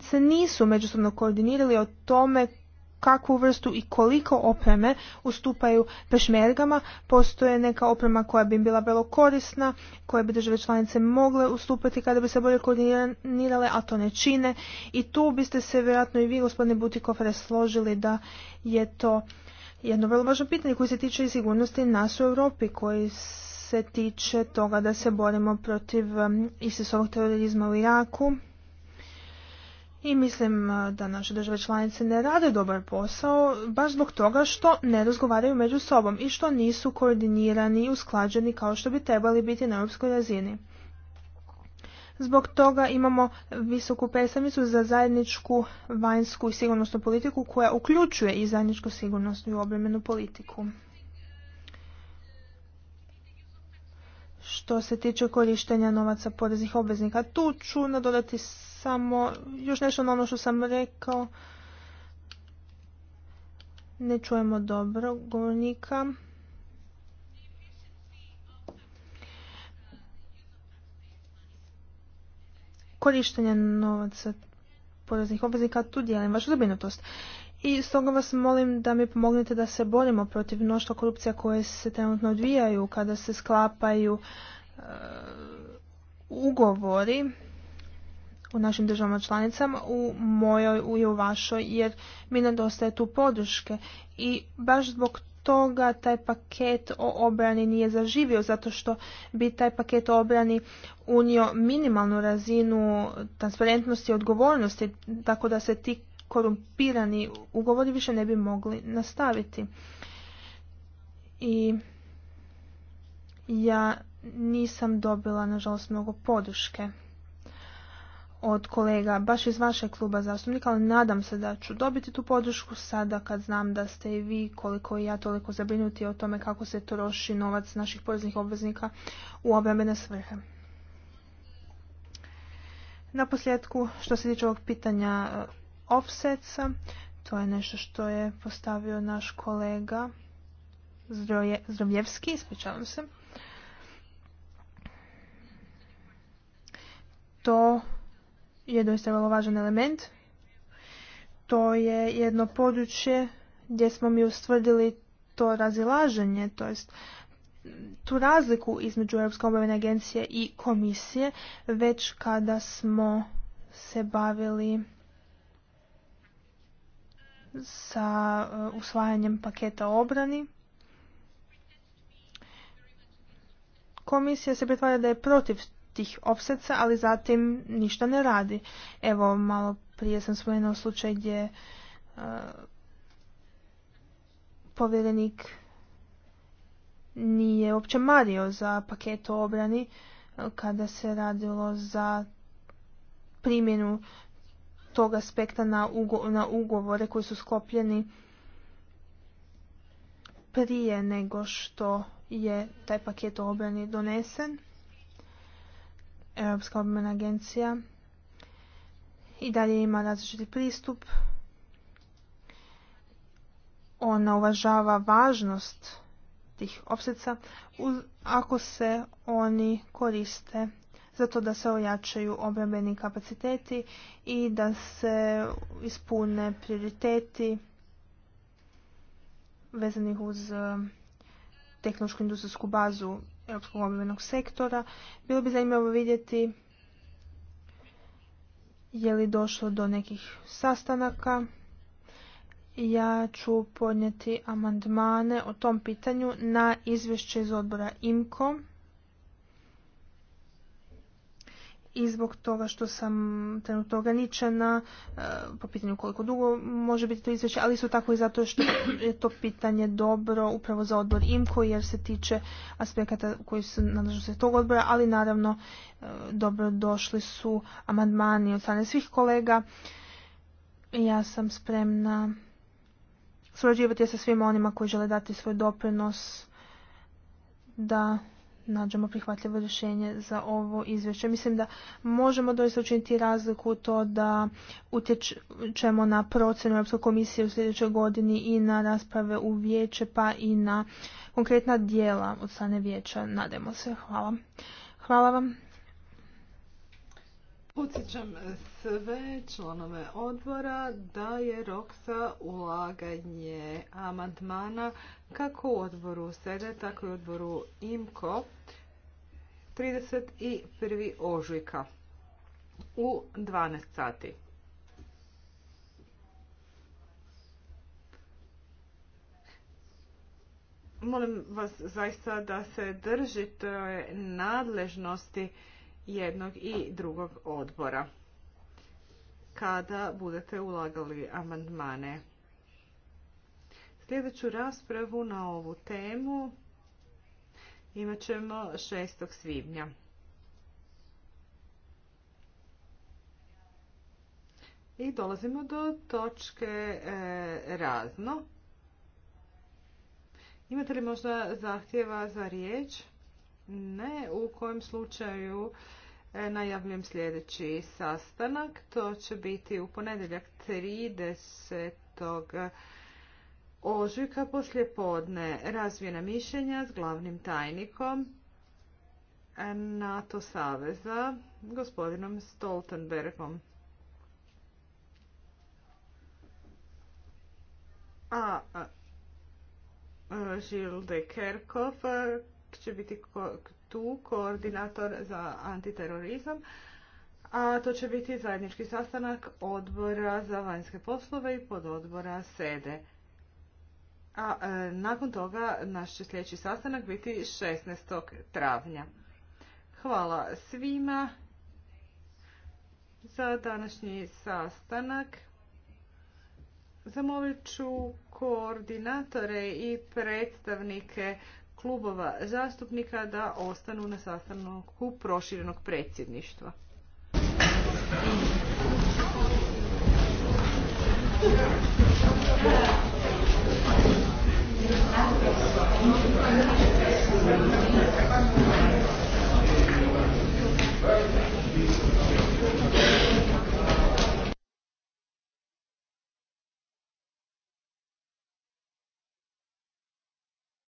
se nisu međusobno koordinirali o tome kakvu vrstu i koliko opreme ustupaju pešmergama. Postoje neka oprema koja bi im bila vrlo korisna, koje bi države članice mogle ustupati kada bi se bolje koordinirale, a to ne čine. I tu biste se vjerojatno i vi, gospodine Butikofere, složili da je to jedno vrlo važno pitanje koje se tiče i sigurnosti nas u Europi, koji se tiče toga da se borimo protiv um, ISIS-ovog terorizma u Iraku, i mislim e, da naše države članice ne rade dobar posao baš zbog toga što ne razgovaraju među sobom i što nisu koordinirani i usklađeni kao što bi trebali biti na europskoj razini. Zbog toga imamo visoku predstavnicu za zajedničku vanjsku i sigurnosnu politiku koja uključuje i zajedničku sigurnosnu i obremenu politiku. Što se tiče korištenja novaca poreznih obveznika, tu ću nadodati samo još nešto na ono što sam rekao. Ne čujemo dobro govornika. Korištenje novaca poreznih obveznika, tu dijelim vašu zabrinutost. I stoga vas molim da mi pomognete da se borimo protiv mnoštva korupcija koje se trenutno odvijaju kada se sklapaju e, ugovori u našim državama članicama, u mojoj i u vašoj, jer mi nedostaje tu podrške. I baš zbog toga taj paket o obrani nije zaživio, zato što bi taj paket o obrani unio minimalnu razinu transparentnosti i odgovornosti, tako da se ti korumpirani ugovori više ne bi mogli nastaviti. I ja nisam dobila, nažalost, mnogo podrške od kolega baš iz vašeg kluba zastupnika, ali nadam se da ću dobiti tu podršku sada kad znam da ste i vi koliko i ja toliko zabrinuti o tome kako se troši novac naših poreznih obveznika u obrambene svrhe. Na posljedku, što se tiče ovog pitanja eh, offsetsa, to je nešto što je postavio naš kolega Zdrovljevski, ispričavam se. To je doista vrlo važan element. To je jedno područje gdje smo mi ustvrdili to razilaženje, to jest tu razliku između Europske obavljene agencije i komisije, već kada smo se bavili sa uh, usvajanjem paketa obrani. Komisija se pretvara da je protiv tih opseca, ali zatim ništa ne radi. Evo, malo prije sam spomenuo slučaj gdje e, povjerenik nije uopće mario za paket o obrani e, kada se radilo za primjenu tog aspekta na, ugovore koji su sklopljeni prije nego što je taj paket obrani donesen Europska obrambena agencija i dalje ima različiti pristup. Ona uvažava važnost tih opseca ako se oni koriste za to da se ojačaju obrambeni kapaciteti i da se ispune prioriteti vezanih uz eh, tehnološku industrijsku bazu europskog obrambenog sektora. Bilo bi zanimljivo vidjeti je li došlo do nekih sastanaka. Ja ću podnijeti amandmane o tom pitanju na izvješće iz odbora IMCO. i zbog toga što sam trenutno ograničena e, po pitanju koliko dugo može biti to izvješće, ali su tako i zato što je to pitanje dobro upravo za odbor IMKO jer se tiče aspekata koji su nadležnosti tog odbora, ali naravno e, dobro došli su amandmani od strane svih kolega. Ja sam spremna surađivati sa svima onima koji žele dati svoj doprinos da nađemo prihvatljivo rješenje za ovo izvješće. Mislim da možemo doista učiniti razliku to da utječemo na procenu Europske komisije u sljedećoj godini i na rasprave u vijeće pa i na konkretna dijela od strane vijeća. Nademo se. Hvala. Hvala vam. Podsjećam sve članove odbora da je rok za ulaganje amandmana kako u odboru SEDE, tako i u odboru IMKO 31. ožujka u 12 sati. Molim vas zaista da se držite nadležnosti jednog i drugog odbora kada budete ulagali amandmane. Sljedeću raspravu na ovu temu imat ćemo 6. svibnja. I dolazimo do točke e, razno. Imate li možda zahtjeva za riječ? Ne, u kojem slučaju e, najavljujem sljedeći sastanak. To će biti u ponedjeljak 30. ožujka poslje podne razvijena mišljenja s glavnim tajnikom NATO Saveza, gospodinom Stoltenbergom. A e, Žilde Kerkov, će biti tu koordinator za antiterorizam, a to će biti zajednički sastanak odbora za vanjske poslove i pododbora SEDE. A e, nakon toga naš će sljedeći sastanak biti 16. travnja. Hvala svima za današnji sastanak. Zamolit ću koordinatore i predstavnike klubova zastupnika da ostanu na sastanku proširenog predsjedništva.